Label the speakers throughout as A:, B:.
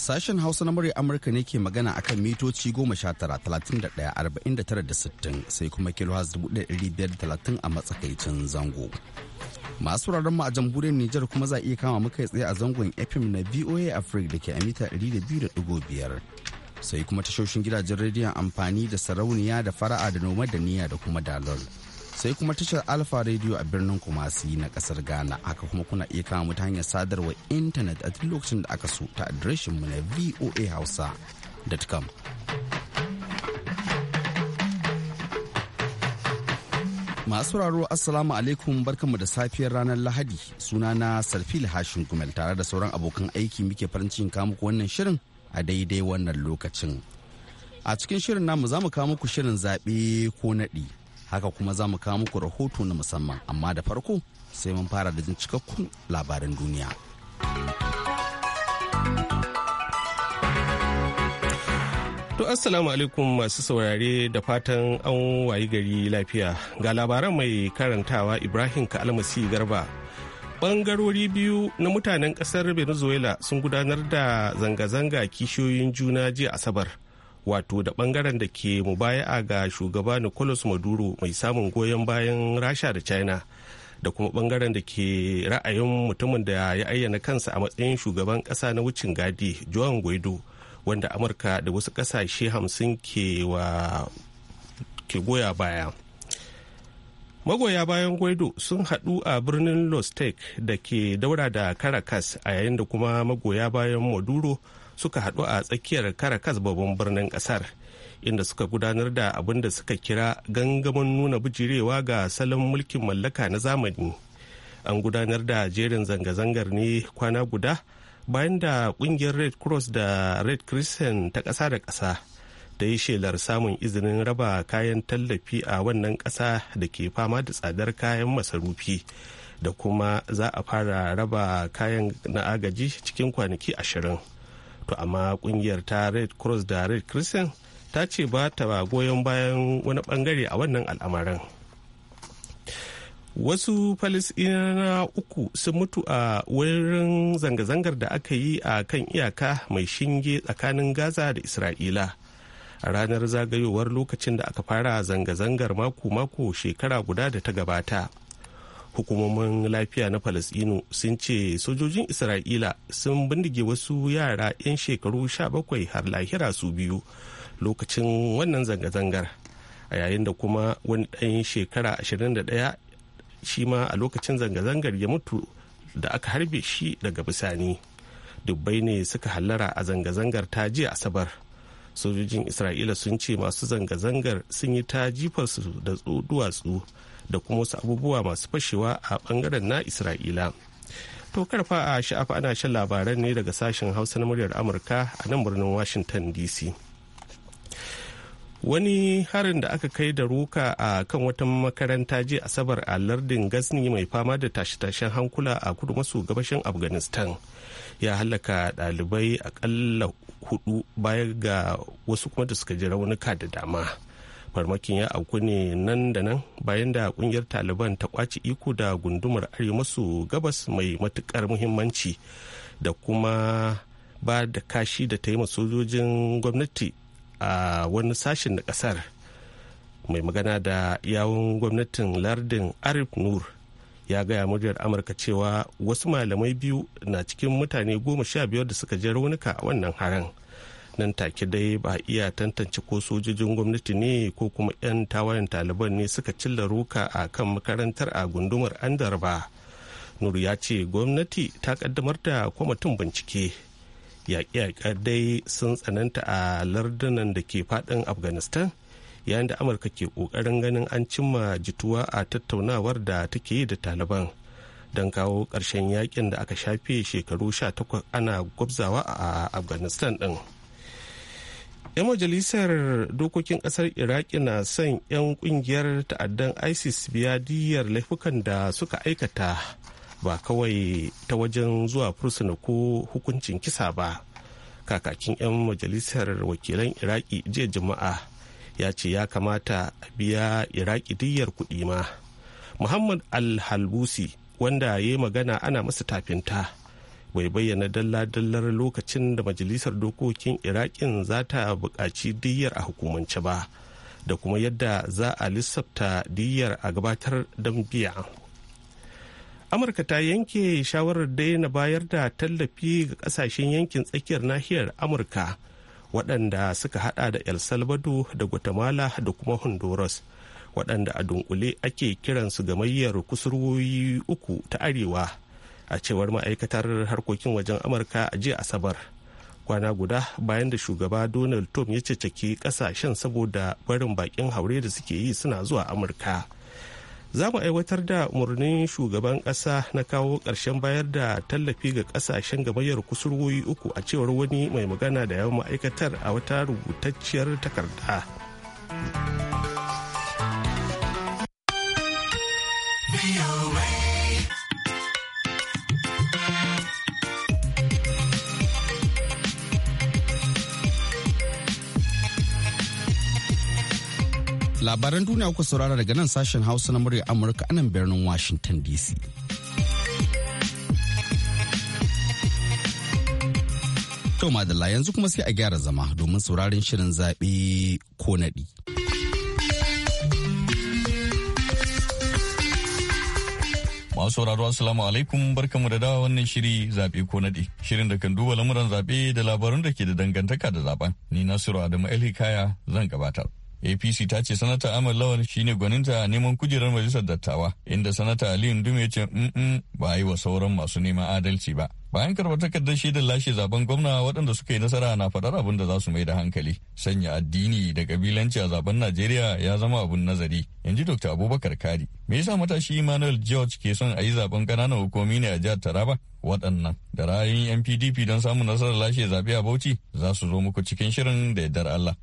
A: Sashen Hausa na murya Amurka ne ke magana akan mitoci da tara da sittin sai kuma kilo da 1530 a matsakaicin zango. Masu wuraren mu a jamhuriyar Nijar kuma za a iya kama muka tsaye a zangon FM na VOA Africa da ke a mita biyar Sai kuma tashoshin gidajen rediyon amfani da sarauniya da fara'a da noma da niyya da kuma dalol. sai kuma tashar alfa radio a birnin kumasi na kasar ghana haka kuma kuna iya kama mu ta hanyar sadarwa intanet a duk lokacin da aka so ta adireshin mu na voa hausa hausa.com masu raro assalamu alaikum barkanmu da safiyar ranar lahadi suna na sarfil hashin gumel tare da sauran abokan aiki muke farin cikin kamu wannan shirin a daidai wannan lokacin a cikin shirin namu za mu kawo muku shirin zaɓe ko naɗi haka kuma za mu kawo muku rahoto na musamman amma da farko sai mun fara da jin cikakkun labaran duniya
B: To assalamu alaikum masu saurare da fatan an wayi gari lafiya ga labaran mai karantawa Ibrahim Kalmasi Garba. Bangarori biyu na mutanen kasar Venezuela sun gudanar da zanga-zanga kishiyoyin juna jiya Asabar. wato da bangaren da ke mubaya'a ga shugaba nicolas maduro mai samun goyon bayan rasha da china da kuma bangaren da ke ra'ayin mutumin da ya ayyana kansa a matsayin shugaban kasa na wucin gadi john guaido wanda amurka da wasu kasashe hamsin ke ke goya baya magoya bayan guaido sun hadu a birnin los da ke daura da caracas a yayin da kuma magoya bayan maduro suka haɗu a tsakiyar Caracas babban birnin ƙasar. inda suka gudanar da abin da suka kira gangamin nuna bijirewa ga salon mulkin mallaka na zamani an gudanar da jerin zanga-zangar ne kwana guda bayan da ƙungiyar red cross da red crescent ta ƙasa da ƙasa ta yi shelar samun izinin raba kayan tallafi a wannan ƙasa da ke fama da tsadar kayan masarufi da kuma za a fara raba kayan na agaji cikin kwanaki ashirin. to amma kungiyar ta red cross da red christian ta ce ba ta goyon bayan wani bangare a wannan al'amarin wasu falisina uku sun mutu a wurin zanga-zangar da aka yi a kan iyaka mai shinge tsakanin gaza da isra'ila a ranar zagayowar lokacin da aka fara zanga-zangar mako-mako shekara guda da ta gabata hukumomin lafiya na falasɗinu sun ce sojojin isra'ila sun bindige wasu yara 'yan shekaru 17 har lahira su biyu lokacin wannan zanga-zangar a yayin da kuma wani ɗan shekara 21 shi ma a lokacin zanga-zangar ya mutu da aka harbe shi daga bisani dubbai ne suka hallara a zanga-zangar ta jiya asabar sojojin isra'ila sun ce masu zanga-zangar sun yi ta jifarsu da duwatsu da kuma wasu abubuwa masu fashewa a bangaren na isra'ila to karfa a sha'afa ana shan labaran ne daga sashen hausa na muryar amurka a nan birnin washington dc wani harin da aka kai da ruka a kan wata makaranta ji asabar a lardin gazni mai fama da tashe-tashen hankula a kudu maso gabashin afghanistan ya halaka ɗalibai akalla hudu baya ga wasu kuma da suka ji raunuka da dama farmakin ya auku ne nan da nan bayan da kungiyar taliban ta kwaci iko da gundumar arewa maso gabas mai matukar muhimmanci da kuma ba da kashi da ta yi sojojin gwamnati a wani sashen da kasar mai magana da yawon gwamnatin lardin arif nur ya gaya muryar amurka cewa wasu malamai biyu na cikin mutane goma sha biyar da suka je raunuka a wannan haran nan take dai ba iya tantance ko sojojin gwamnati ne ko kuma 'yan tawayen taliban ne suka cilla ruka a kan makarantar a gundumar andar ba nur ya ce gwamnati ta kaddamar da kwamitin bincike yaƙe-yaƙe dai sun tsananta a lardunan da ke faɗin afghanistan yayin da amurka ke ƙoƙarin ganin an cimma jituwa a tattaunawar da take yi da taliban don kawo ƙarshen yakin da aka shafe shekaru 18 ana gwabzawa a afghanistan ɗin. 'yan majalisar dokokin kasar iraki na son 'yan kungiyar ta'addan isis biya diyar laifukan da suka aikata ba kawai ta wajen zuwa fursuna ko hukuncin kisa ba kakakin 'yan majalisar wakilan iraki jiya juma'a ya ce ya kamata a biya iraki diyar kuɗi ma muhammad al-halbusi wanda ya yi magana ana masa tafinta bai bayyana dalla-dallar lokacin da majalisar dokokin iraƙin za ta buƙaci diyyar a hukumance ba da kuma yadda za a lissafta diyyar a gabatar don biya amurka ta yanke shawarar daina bayar da tallafi ga kasashen yankin tsakiyar nahiyar amurka waɗanda suka hada da el salvador da guatemala da kuma honduras waɗanda a dunkule ake kiransu gamayyar kusurwoyi uku ta arewa a cewar ma'aikatar harkokin wajen amurka a jiya asabar kwana guda bayan da shugaba donald trump ya ceceki kasashen saboda barin bakin haure da suke yi suna zuwa amurka za mu aiwatar da umarnin shugaban kasa na kawo ƙarshen bayar da tallafi ga kasashen gamayyar kusurwoyi uku a cewar wani mai magana da yawan ma'aikatar a wata rubutacciyar takarda.
A: labaran duniya ku saurara daga nan sashen hausa na murya amurka anan birnin washington dc to madalla yanzu kuma sai a gyara zama domin sauraron shirin zaɓe ko naɗi
C: masu sauraro assalamu alaikum barkamu da dawa wannan shiri zaɓe ko naɗi shirin da kan duba lamuran zaɓe da labarun da ke da dangantaka da zaben ni nasiru adamu Elhikaya zan gabatar apc ta ce sanata Ahmad lawal shine gwaninta neman kujerar majalisar dattawa inda sanata aliyu ya ce ba yi wa sauran masu neman adalci ba bayan karɓar takardar shaidar lashe zaben gwamna waɗanda suka yi nasara na faɗar abin da za su mai da hankali sanya addini da kabilanci a zaben najeriya ya zama abun nazari in ji dr abubakar kari me yasa matashi emmanuel george ke son a yi zaben ƙananan hukumi ne a jihar taraba waɗannan da ra'ayin yan pdp don samun nasarar lashe zaɓe a bauchi za su zo muku cikin shirin da yardar allah.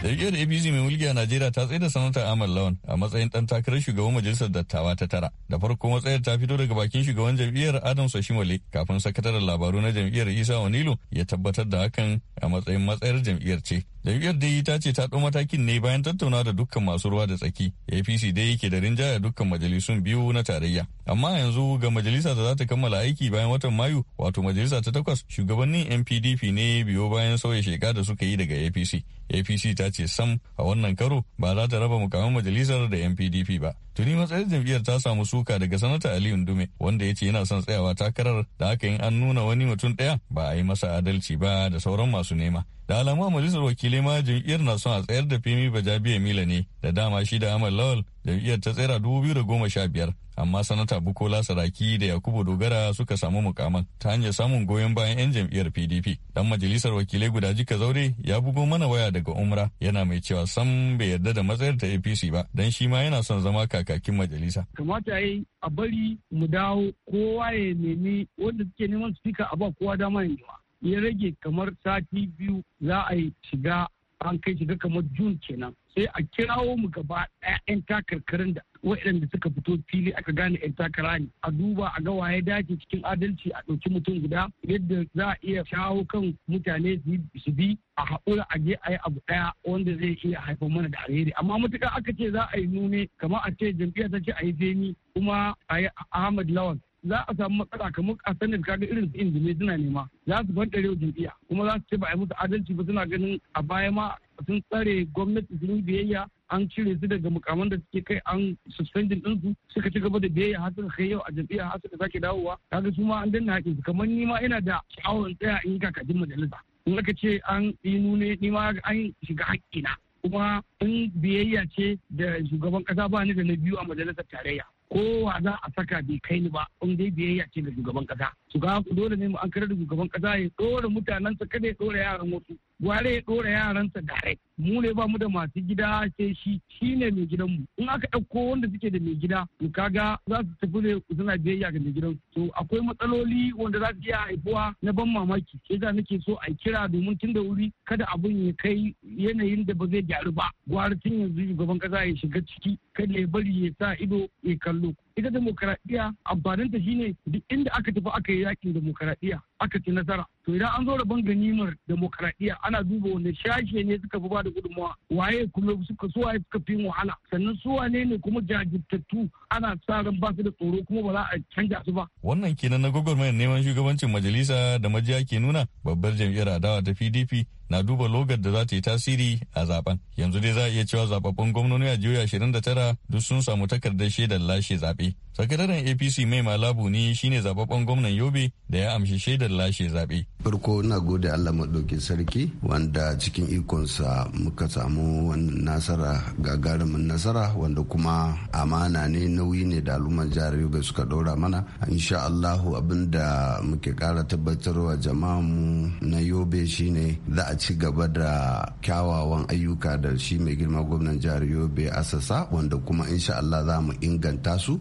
C: Jam'iyyar APC mai mulki a Najeriya ta tsaye da sanata ahmad Lawan a matsayin ɗan takarar shugaban majalisar dattawa ta tara. Da farko matsayar ta fito daga bakin shugaban jam'iyyar Adam Soshimole kafin sakataren labaru na jam'iyyar Isa Wanilu ya tabbatar da hakan a matsayin matsayar jam'iyyar ce. Jam'iyyar dai ta ce ta ɗau matakin ne bayan tattauna da dukkan masu ruwa da tsaki. APC dai yake da rinjaya dukkan majalisun biyu na tarayya. Amma yanzu ga majalisa da za ta kammala aiki bayan watan Mayu, wato majalisa ta takwas, shugabannin NPDP ne biyo bayan sauya sheka da suka yi daga APC. APC ta ce sam a wannan karo ba za ta raba mukamin majalisar da NPDP ba. Tuni matsayar jam'iyyar ta samu suka daga sanata Aliyu Ndume wanda ya ce yana son tsayawa takarar da haka in an nuna wani mutum ɗaya ba a yi masa adalci ba da sauran masu nema. Da alama majalisar wakilai ma jam'iyyar na son a tsayar da Femi Bajabiya Mila ne da dama shi da Amal Lawal jam'iyyar ta tsera biyar amma sanata bukola saraki da yakubu dogara suka samu mukaman ta hanyar samun goyon bayan 'yan jam'iyyar pdp dan majalisar wakilai guda jika zaure ya bugo mana waya daga umra yana mai cewa sam bai yarda da matsayar ta apc ba dan shi ma yana son zama kakakin majalisa
D: kamata yi a bari mu dawo kowa ya nemi wanda suke neman spika a ba kowa dama ya ya rage kamar sati biyu za a yi shiga an kai shiga kamar jun kenan sai a kirawo mu gaba ɗaya 'yan takarkarin da waɗanda suka fito fili aka gane 'yan takara ne a duba a ga waye dace cikin adalci a ɗauki mutum guda yadda za a iya shawo kan mutane su bi a haƙura a je a yi abu ɗaya wanda zai iya haifar mana da alheri amma matuƙa aka ce za a yi nune kamar a ce jam'iyyar ta ce a yi zeni kuma a yi ahmad lawan za a samu matsala kamar a sanin kaga irin su injini suna nema za su ban ɗarewa jam'iyya kuma za su ce ba a yi musu adalci ba suna ganin a baya ma sun tsare gwamnati sun biyayya an cire su daga mukaman da suke kai an suspendin ɗinsu suka ci gaba da biyayya har suka kai yau a jam'iyya har suka sake dawowa kaga su ma an danna haƙin su kamar ni ma ina da sha'awar tsaya in yi kakajin majalisa in aka ce an yi nune ni ma an shiga haƙƙina kuma in biyayya ce da shugaban ƙasa ba ni da na biyu a majalisar tarayya kowa za a saka bai kai ni ba in dai biyayya ce ga shugaban kasa su ga dole ne mu an karar shugaban kasa ya dora mutanensa kada ya dora yaran wasu gware ya dora yaransa gare mu ne ba mu da masu gida ce shi shi ne mai gidan mu in aka ɗauko wanda suke da mai gida to kaga za su tafi ne ku suna biyayya ga mai gidan to akwai matsaloli wanda za su iya haifuwa na ban mamaki sai da nake so a kira domin tun da wuri kada abun ya kai yanayin da ba zai gyaru ba gwara tun yanzu shugaban kasa ya shiga ciki kada ya bari ya sa ido ya kallo ita demokaradiyya amfaninta shine duk inda aka tafi aka yi yaƙin demokaradiyya aka ci nasara to idan an zo da ban ganimar demokradiyya ana duba wanda shashe ne suka fi bada gudunmawa waye kuma suka su waye suka fi wahala sannan su wane ne kuma jajirtattu ana sa ran ba su da tsoro kuma ba za a canja su ba
C: wannan kenan na gwagwarmayar neman shugabancin majalisa da majiya ke nuna babbar jam'iyyar adawa ta PDP na duba logar da za ta yi tasiri a zaben yanzu dai za a iya cewa zababbun gwamnoni a jihohi 29 duk sun samu takardar shaidar lashe zabe sakataren apc mai malabu ne shine zababben gwamnan yobe da ya amshi shaidar lashe zaɓe.
E: farko na gode allah maɗaukin sarki wanda cikin ikonsa muka samu nasara gagarumin nasara wanda kuma amana ne nauyi ne da al'ummar jihar yobe suka ɗora mana insha allahu abin da muke ƙara tabbatarwa jama'a mu na yobe shine za a ci gaba da kyawawan ayyuka da shi mai girma gwamnan jihar yobe asasa wanda kuma insha allah za mu inganta su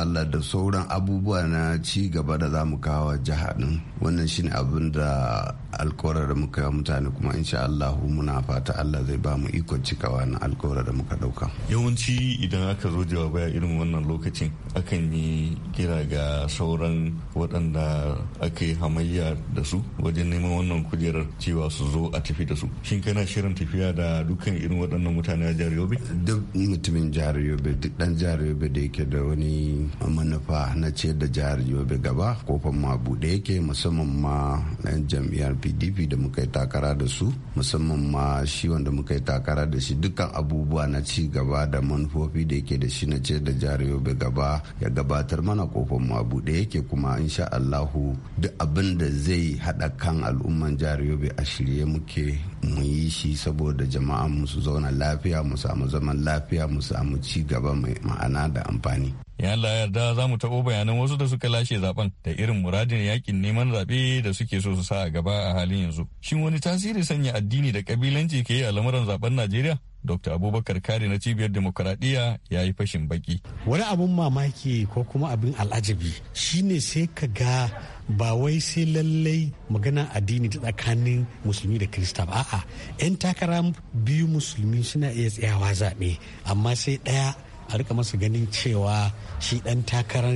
E: Allah da sauran abubuwa na ci gaba da za mu kawo jiha din shi ne abin da alkawarar da muka yi mutane kuma insha Allah muna fata Allah zai ba mu ikon cikawa na alkawarar da muka dauka
C: yawanci idan aka zo jawabai irin wannan lokacin akan yi kira ga sauran waɗanda aka yi hamayya da su wajen neman wannan kujerar cewa su zo a tafi da su shin kana shirin tafiya da dukkan irin waɗannan mutane a jihar yobe duk mutumin jihar yobe duk ɗan jihar yobe
E: da yake da wani manufa na ciyar da jihar yobe gaba kofan ma bude yake musamman ma 'yan jam'iyyar pdp da muka yi takara da su musamman ma shi wanda muka yi takara da shi dukkan abubuwa na ci gaba da manufofi da yake da shi na ciyar da jihar yobe gaba ya gabatar mana kofar mu bude yake kuma insha allahu duk abin da zai haɗa kan al'umman jihar yobe a shirye muke mu yi shi saboda jama'a mu su zauna lafiya mu samu zaman lafiya mu samu ci gaba mai ma'ana da
C: amfani ya Allah yarda za mu taɓo bayanan wasu da suka lashe zaben da irin muradin yakin neman zaɓe da suke so su sa a gaba a halin yanzu shin wani tasiri sanya addini da kabilanci ke yi a lamuran zaben Najeriya Dr. Abubakar kari na Cibiyar Demokuraɗiyya ya yi fashin baki.
F: Wani abin mamaki ko kuma abin al'ajabi shine sai ka ga ba wai sai lallai magana addini ta tsakanin musulmi da kirista ba a'a 'yan takara biyu musulmi suna iya tsayawa zaɓe amma sai ɗaya a rika masa ganin cewa shi ɗan takarar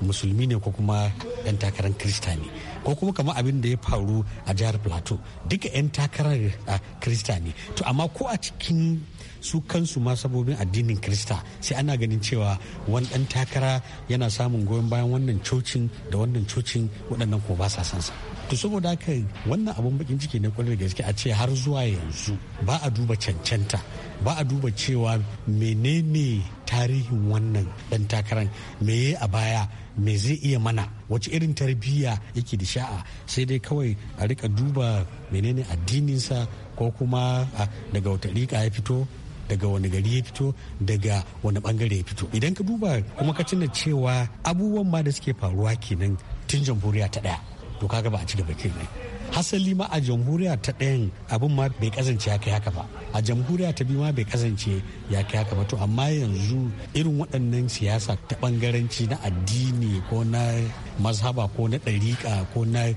F: musulmi ne ko kuma dan takarar krista ne ko kuma kamar abin da ya faru a jihar plateau duka 'yan takarar krista ne to amma ko a cikin su kansu ma sabobin addinin krista sai ana ganin cewa wani dan takara yana samun goyon bayan wannan cocin da wannan cocin waɗannan ko ba sa san to saboda haka wannan abun bakin ciki na kwarai da gaske a ce har zuwa yanzu ba a duba cancanta ba a duba cewa menene tarihin wannan dan takarar me a baya me zai iya mana wace irin tarbiyya yake da sha'a sai dai kawai a rika duba menene addininsa ko kuma daga wata rika ya fito daga wani gari ya fito daga wani bangare ya fito idan ka duba kuma ka tuna cewa abubuwan ma da suke faruwa kenan tun jamhuriya ta daya to kaga ba a ci gaba kenan hasali ma a jamhuriya ta ɗayan abin ma bai kasance ya kai haka ba a jamhuriya ta biyu ma bai kazance ya kai haka ba to amma yanzu irin waɗannan siyasa ta ɓangaranci na addini ko na mazhaba ko na ɗariƙa ko na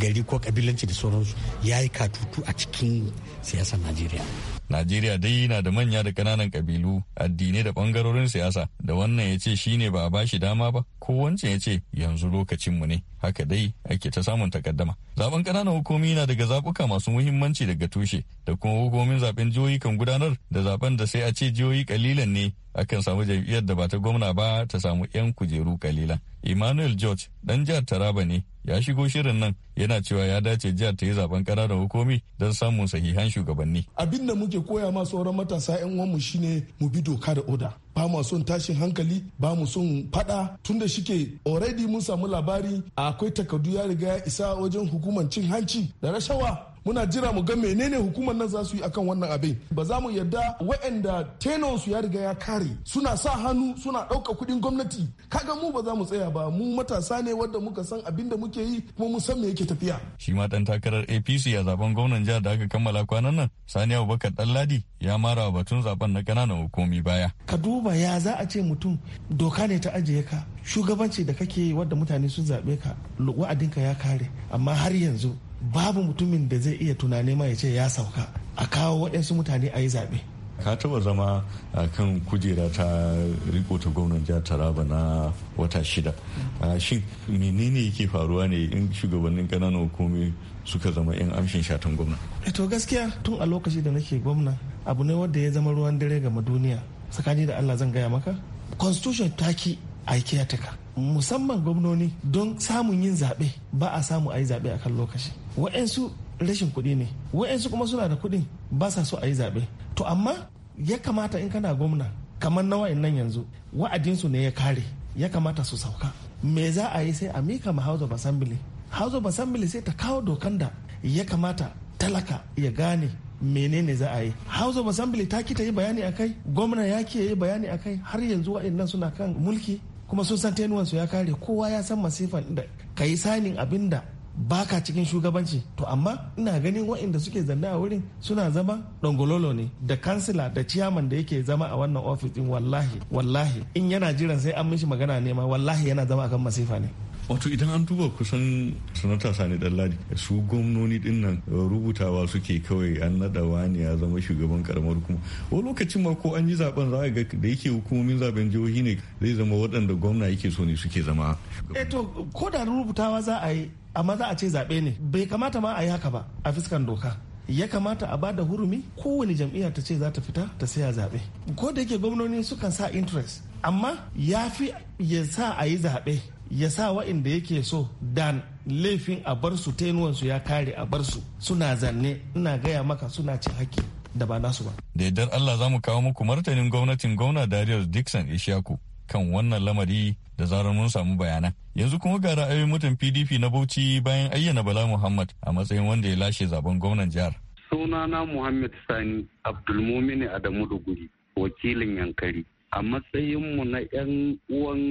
F: gari ko ƙabilanci da sauransu ya yi katutu a cikin siyasar najeriya
C: Najeriya dai na da manya da ƙananan ƙabilu, addinai da ɓangarorin siyasa, da wannan ya ce shi ne ba a bashi dama ba, ko wancan ya ce yanzu lokacinmu ne, haka dai ake ta samun takaddama. Zaben ƙananan hukumi na daga zaɓuka masu muhimmanci daga tushe, da kuma hukumomin zaben jihohi kan gudanar da zaben da sai a ce jihohi ƙalilan ne akan samu jam'iyyar da ba ta gwamna ba ta samu 'yan kujeru kalila. Emmanuel George dan jihar Taraba ne ya shigo shirin nan yana cewa ya dace jihar ta yi zaben kara da hukumi don samun sahihan shugabanni. Abin
G: da muke koya ma sauran matasa 'yan uwanmu shine mu bi doka da oda. Ba mu son tashin hankali, ba mu son fada tunda shike already mun samu labari akwai takardu ya riga ya isa wajen hukumar cin hanci da rashawa muna jira mu ga menene hukumar nan za su yi akan wannan abin ba za mu yarda waɗanda tenon su ya riga ya kare suna sa hannu suna ɗauka kuɗin gwamnati kaga mu ba za mu tsaya ba mu matasa ne wanda muka san abin da muke yi kuma mu
C: san me yake tafiya shi ma dan takarar APC a zaben gwamnan jihar da aka kammala kwanan nan Sani Abubakar Ɗanladi ya mara wa batun zaben na kananan hukumi baya
G: ka duba ya za a ce mutum doka ne ta ajiye ka shugabanci da kake yi wadda mutane sun zaɓe ka wa'adinka ya kare amma har yanzu babu mutumin da zai iya tunani ma ya ce ya sauka a kawo waɗansu mutane a yi zaɓe
C: ka taba zama a kan kujera ta riko ta gwamnan jihar taraba na wata shida shin menene yake faruwa ne in shugabannin ƙananan hukumi suka zama 'yan amshin shatan gwamna
G: eh to gaskiya tun a lokaci da nake gwamna abu ne wanda ya zama ruwan dare ga duniya tsakani da allah zan gaya maka constitution ta taki aiki tuka musamman gwamnoni don samun yin zaɓe ba a samu a yi zaɓe a kan lokaci wa'yansu rashin kuɗi ne wa'yansu kuma suna da kuɗin ba sa so a yi zaɓe to amma ya kamata in kana gwamna kamar na nan yanzu wa'adinsu ne ya kare ya kamata su sauka me za a yi sai a mika ma house of assembly house of assembly sai ta kawo dokan da ya kamata talaka ya gane menene za a yi house of assembly ta kita yi bayani a kai gwamna ya ke yi bayani a kai har yanzu wa'annan suna kan mulki kuma sun san tenuwansu ya kare kowa ya san masifan da ka yi sanin abin da baka cikin shugabanci to amma ina ganin waɗanda suke zanne a wurin suna zama dongololo ne da kansila da ciyaman da yake zama a wannan ofis din wallahi wallahi in yana jiran sai an mishi magana nema wallahi yana zama akan masifa ne
C: wato idan an duba kusan sanata sani dalladi su gwamnoni din nan eh, rubutawa suke kawai an nada wani ya zama shugaban karamar hukuma wani lokacin ma ko an yi zaben za ga da yake hukumomin zaben jihohi ne zai zama waɗanda gwamna yake so ne suke zama
G: eh to ko da rubutawa za a yi amma za a ce zaɓe ne bai kamata ma a yi haka ba a fiskan doka ya kamata a da hurumi kowane jam'iyya ta ce za ta fita ta saya zaɓe ko da yake gwamnoni sukan sa interest amma ya fi ya sa a yi zaɓe ya sa wa'inda yake so dan laifin a bar su su ya kare a bar su suna zanne ina gaya maka suna cin haƙƙi
C: da ba nasu ba. Da yardar Allah za mu kawo muku martanin gwamnatin gwamna Darius Dixon Ishaku kan wannan lamari da zarar mun samu bayanan. Yanzu kuma ga ra'ayoyin mutum PDP na Bauchi bayan ayyana Bala Muhammad a matsayin wanda ya lashe zaben gwamnan jihar.
H: Sunana Muhammad Sani Abdulmumini Adamu Duguri wakilin Yankari. a matsayinmu na 'yan uwan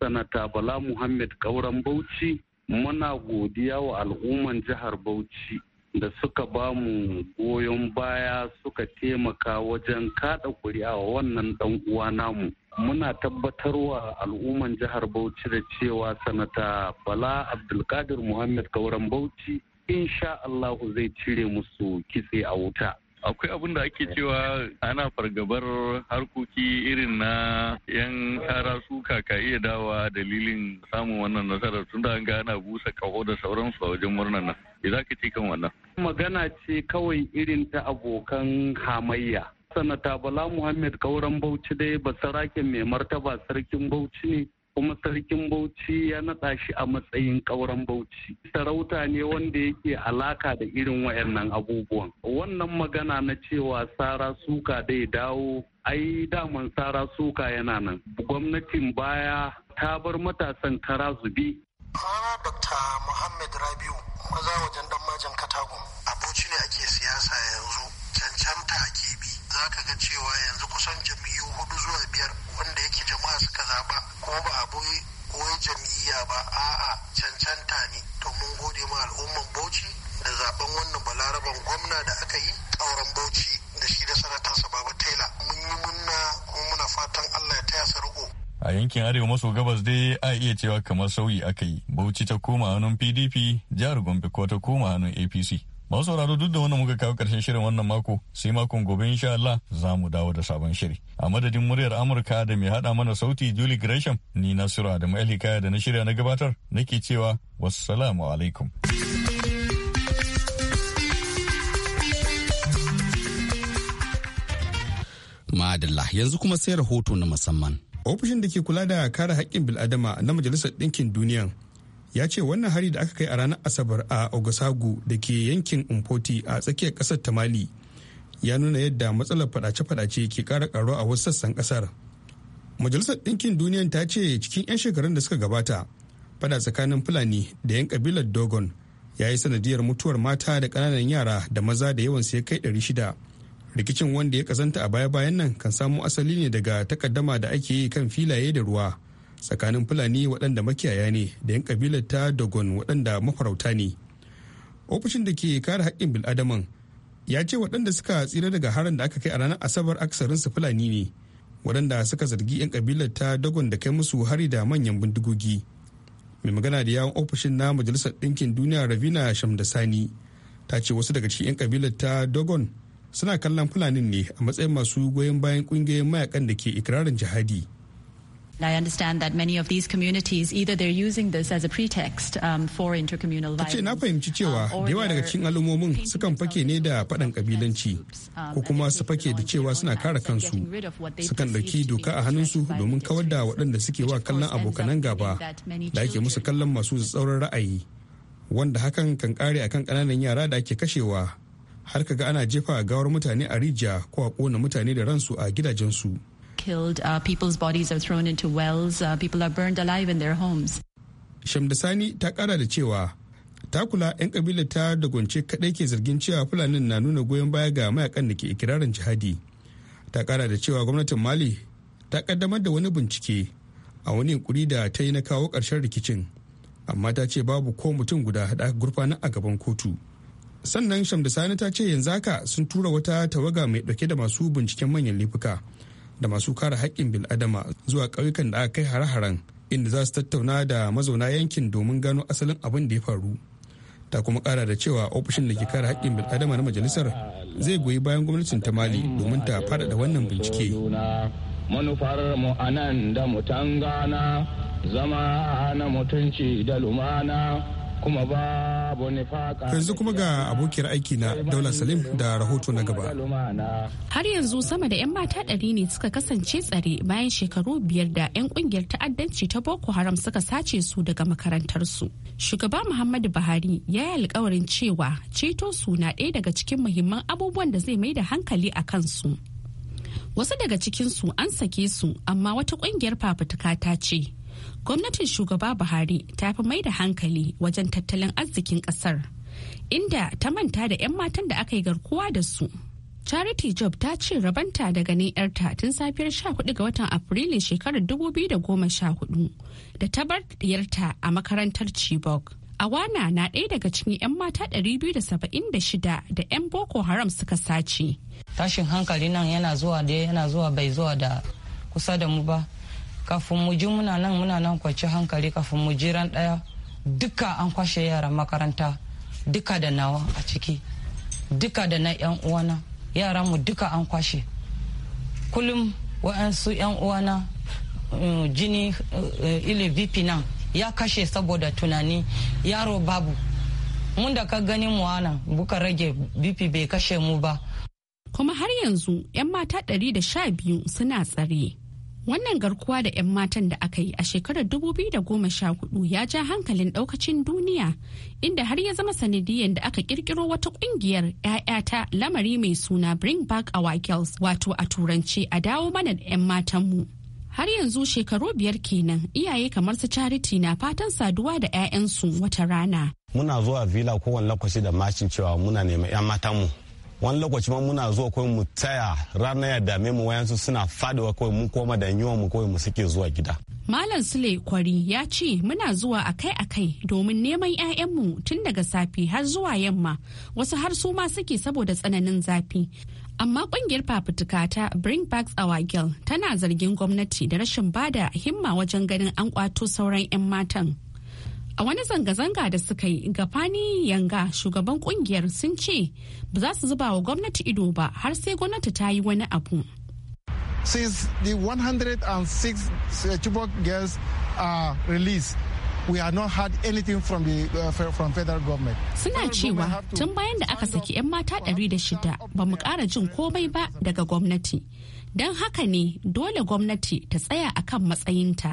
H: sanata bala muhammad kauran bauchi muna godiya wa al'umman jihar bauchi da suka ba mu goyon baya suka taimaka wajen kada kuri'a wa wannan dan uwa namu muna wa al'umman jihar bauchi da cewa sanata bala abdulkadir muhammad kauran bauchi insha allahu zai cire musu kitse a wuta
C: akwai abin da ake eh. cewa ana fargabar harkoki irin na yan kara su kaka iya dawa dalilin samun wannan nasarar tun da an ga ana busa kaho da sauransu a wajen murnar nan me za ka ce kan wannan
H: magana ce kawai irin ta abokan hamayya sanata bala muhammad kauran bauchi dai basarakin mai martaba sarkin bauchi ne kuma sarkin bauchi ya naɗa shi a matsayin ƙauren bauchi sarauta ne wanda yake alaka da irin wayannan abubuwan wannan magana na cewa sara suka dai dawo ai daman sara suka yana nan gwamnatin baya ta bar matasan kara zubi Fara Dr. Muhammad Rabiu
G: maza wajen dan majin Katago.
E: Aboci ne ake siyasa yanzu cancanta ake bi. Za ka ga cewa yanzu kusan jam'iyyu hudu zuwa biyar wanda yake jama'a suka zaba ko ba abu wai jam'iyya ba a'a cancanta ne to mun gode ma al'umman bauchi da zaben wannan balaraban gwamna da aka yi auren bauchi
C: da shi da sanatarsa baba taila mun yi munna kuma muna fatan allah ya taya sa riko a yankin arewa maso gabas dai a iya cewa kamar sauyi aka yi bauchi ta koma hannun pdp jihar gombe ko ta koma hannun apc Masu sauraro duk da wannan muka kawo karshen shirin wannan mako sai makon gobe insha Allah za mu dawo da sabon shiri. A madadin muryar Amurka da mai haɗa mana sauti Julie Gresham ni Nasiru da Ali Kaya da na shirya na gabatar nake cewa wassalamu alaikum.
A: Madalla yanzu kuma sai rahoto na musamman. Ofishin da ke kula
I: da kare haƙƙin bil'adama na Majalisar Ɗinkin Duniya ya ce wannan hari da aka kai a ranar asabar a ogosagu da ke yankin umfoti a tsakiyar kasar tamali ya nuna yadda matsalar fadace-fadace ke kara karo a wasu sassan kasar majalisar ɗinkin duniya ta ce cikin 'yan shekarun da suka gabata fada tsakanin fulani da 'yan kabilar dogon ya yi sanadiyar mutuwar mata da ƙananan yara da maza da yawan sai kai 600 rikicin wanda ya kazanta a baya-bayan nan kan samo asali ne daga takaddama da ake yi kan filaye da ruwa tsakanin fulani waɗanda makiyaya ne da 'yan kabilar ta dogon waɗanda mafarauta ne ofishin da ke kare haƙƙin bil'adaman ya ce waɗanda suka tsira daga harin da aka kai a ranar asabar aksarinsu fulani ne waɗanda suka zargi 'yan kabilar ta dogon da kai musu hari da manyan bindigogi mai magana da yawon ofishin na majalisar ɗinkin duniya ravina shamdasani ta ce wasu daga cikin 'yan kabilar ta dogon suna kallon fulanin ne a matsayin masu goyon bayan ƙungiyoyin mayakan da ke ikirarin jihadi
J: I understand that many of these communities either they're using this as a pretext um, for intercommunal violence. Tace
I: na fahimci um, cewa da yawa daga cikin al'ummomin sukan fake ne da faɗan kabilanci um, ko kuma su fake da cewa suna kare kansu sukan ɗauki doka a hannunsu domin kawar da waɗanda suke wa kallon abokanan gaba da ake musu kallon masu tsauran ra'ayi wanda hakan kan kare akan ƙananan yara da ake kashewa har kaga ana jefa gawar mutane a rijiya ko a ƙona mutane da ransu a gidajensu.
J: killed, uh, people's bodies are thrown into wells, uh, people are burned alive in their homes.
I: Shamdasani ta kara da cewa ta kula 'yan kabilar ta dagonce kadai ke zargin cewa fulanin na nuna goyon baya ga mayakan da ke ikirarin jihadi. Ta kara da cewa gwamnatin Mali ta kaddamar da wani bincike a wani yunkuri da ta yi na kawo ƙarshen rikicin amma ta ce babu ko mutum guda haɗa gurfana a gaban kotu. sannan shamdasani ta ce yanzu haka sun tura wata tawaga mai ɗauke da masu binciken manyan laifuka da masu kare haƙƙin bil'adama zuwa ƙauyukan da aka kai hare-haren inda za su tattauna da mazauna yankin domin gano asalin abin da ya faru ta kuma kara da cewa ofishin da ke kare haƙƙin bil'adama na majalisar zai goyi bayan gwamnatin ta mali domin ta da wannan bincike manufar mu anan da mutangana zama na mutunci da lumana kuma babu wani faka. Yanzu kuma ga abokiyar aiki na Daula Salim da rahoto na gaba.
J: Har yanzu sama da 'yan mata ɗari ne suka kasance tsare bayan shekaru biyar da 'yan kungiyar ta'addanci ta Boko Haram suka sace su daga makarantar su. Shugaba Muhammadu Buhari ya yi alkawarin cewa ceto su na ɗaya daga cikin muhimman abubuwan da zai mai da hankali a kansu. Wasu daga cikin su an sake su amma wata kungiyar fafutuka ta ce gwamnatin shugaba buhari ta fi mai da hankali wajen tattalin arzikin kasar inda ta manta da 'yan matan da aka yi garkuwa da su charity job ta ce rabanta daga ne 'yarta tun safiyar 14 ga watan afrilu shekarar 2014 da ta bar diyarta a makarantar chibok awana na ɗaya daga cikin 'yan mata 276 da 'yan boko haram suka sace tashin hankali nan yana zuwa da yana zuwa bai zuwa da kusa da mu ba kafin mu ji muna nan muna nan kwanci hankali kafin mu jiran daya duka an kwashe yaran makaranta duka da nawa a ciki duka da na yan uwana yaran mu duka an kwashe kullum wa'ansu yan uwana mm, jini eh, ile vp nan ya kashe saboda tunani yaro babu mun da ka gani mu anan buka rage bp bai kashe mu ba kuma har yanzu 'yan mata 112 suna tsare Wannan garkuwa da 'yan matan da aka yi a shekarar 2014 ya ja hankalin daukacin duniya inda har ya zama sanadiyar da aka kirkiro wata kungiyar 'ya'yata lamari mai suna Bring Back Our Girls wato a turance a dawo mana da 'yan matanmu. Har yanzu shekaru biyar kenan iyaye kamar su Charity na fatan saduwa da 'ya'yansu wata rana.
A: Muna zuwa
B: villa kowane lokaci da macin cewa muna neman 'yan matanmu. wani lokaci ma muna zuwa kawai mu taya ranar ya dame mu wayansu suna fadiwa kawai mu koma da yiwa mu kawai mu suke zuwa gida.
J: Malam Sule Kwari ya ce muna zuwa akai-akai domin neman 'ya'yan mu tun daga safe har zuwa yamma wasu har su ma suke saboda tsananin zafi. Amma kungiyar fafutuka ta Bring Back Our Girl tana zargin gwamnati da rashin bada himma wajen ganin an kwato sauran 'yan matan. a wani zanga-zanga da suka yi gafani yanga shugaban kungiyar sun ce ba za su zuba wa gwamnati ido ba har sai gwamnati ta yi wani abu
G: since the 106 uh, chibok girls are released we are not had anything from the uh, from federal government.
J: Suna cewa tun bayan da aka saki 'yan mata 600 ba mu ƙara jin komai ba daga gwamnati. Don haka ne dole gwamnati ta tsaya akan matsayinta.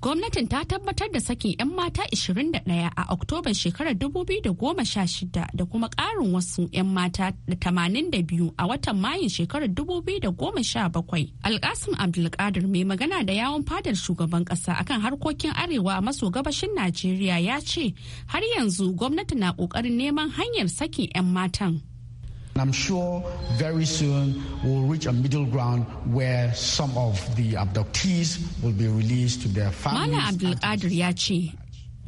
J: gwamnatin ta tabbatar da sakin 'yan mata 21 a oktoban shekarar 2016 da kuma ƙarin wasu 'yan mata da 82 a watan mayun shekarar 2017 Alƙasim abdulkadir mai magana da yawon fadar shugaban ƙasa akan harkokin arewa maso gabashin najeriya ya ce har yanzu gwamnati na ƙoƙarin neman hanyar sakin 'yan matan
A: And I'm sure very soon we'll reach a middle ground where some of the abductees will be released to their families. Mana Abdulkadir
J: ya ce,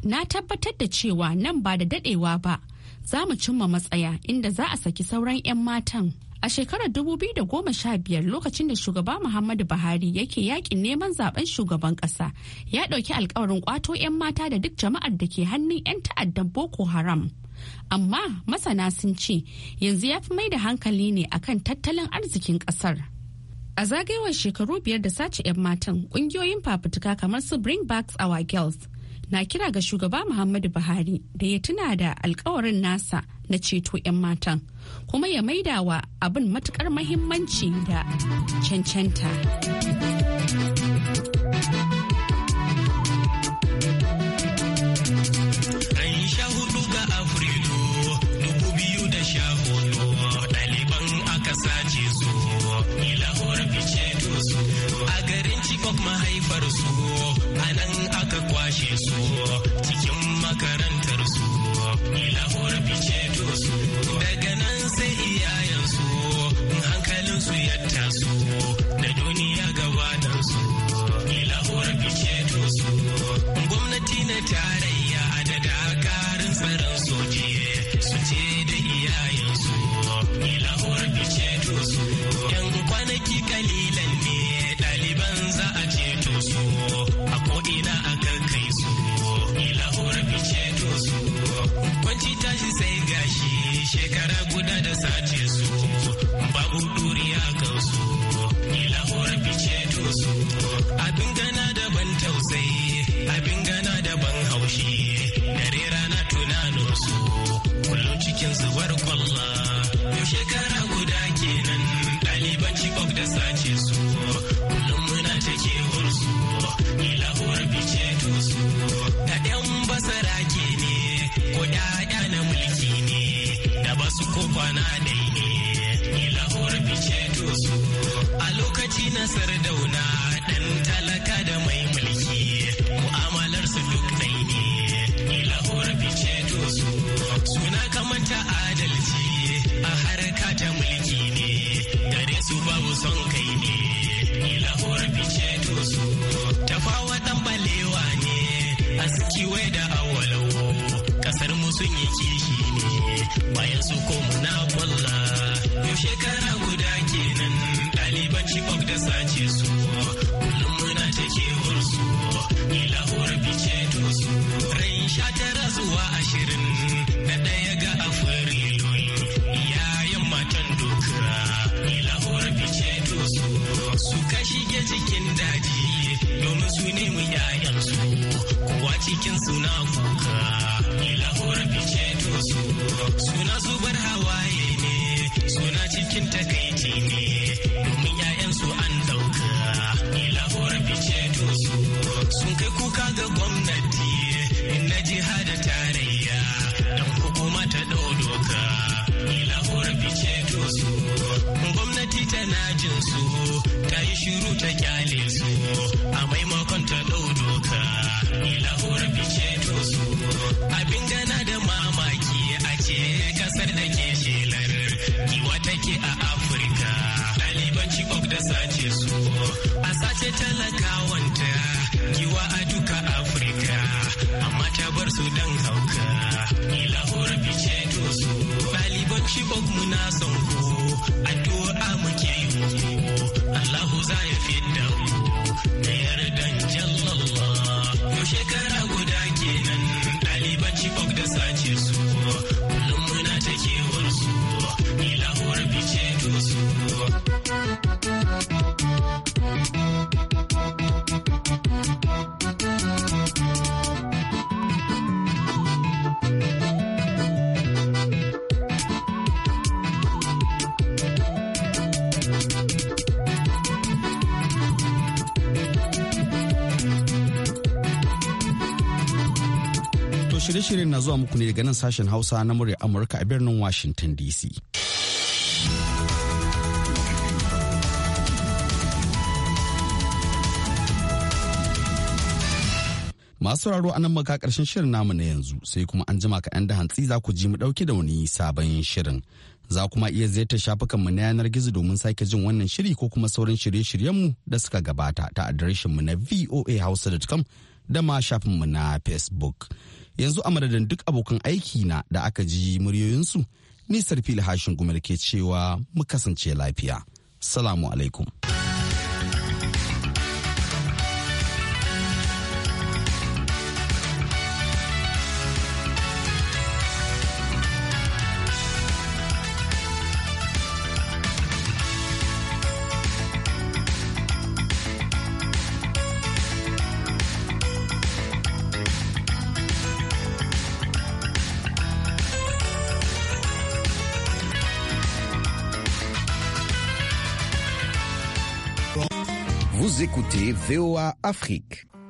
J: na tabbatar da cewa nan ba da dadewa ba za mu cimma matsaya inda za a saki sauran 'yan matan. A shekarar 2015 lokacin da shugaba Muhammadu Buhari yake yakin neman zaben shugaban kasa ya ɗauki alkawarin kwato 'yan mata da duk jama'ar da ke hannun 'yan ta'addan Boko Haram. amma masana sun ce yanzu ya fi mai da hankali ne akan tattalin arzikin kasar. A zagayewar shekaru biyar da sace 'yan matan kungiyoyin fafutuka kamar su Bring Back Our Girls na kira ga shugaba Muhammadu Buhari da ya tuna da alkawarin nasa na ceto 'yan matan kuma ya maida wa abin matukar mahimmanci da cancanta.
K: korafi ce I need. shige cikin daji domin su ne mu yayansu kowa cikin suna kuka lahore fice to su suna zubar hawaye ne suna cikin takai muna son addu'a muke yi Allahu za ya fitar da yardan jallallah yau shekara guda
A: shirin na zuwa muku ne daga nan sashen Hausa na murya Amurka a birnin Washington DC. Masu raro a nan maka karshen shirin namu na yanzu sai kuma an jima ka yan da hantsi za ku ji mu ɗauke da wani sabon shirin. Za kuma iya ziyartar shafukanmu na yanar gizo domin sake jin wannan shiri ko kuma sauran shirye-shiryenmu da suka gabata ta adireshinmu na voahausa.com da ma shafinmu na Facebook. yanzu a madadin duk abokan aiki na da aka ji muryoyinsu nisar fili hashin gumar ke cewa mu kasance lafiya salamu alaikum
G: VOA Afrique.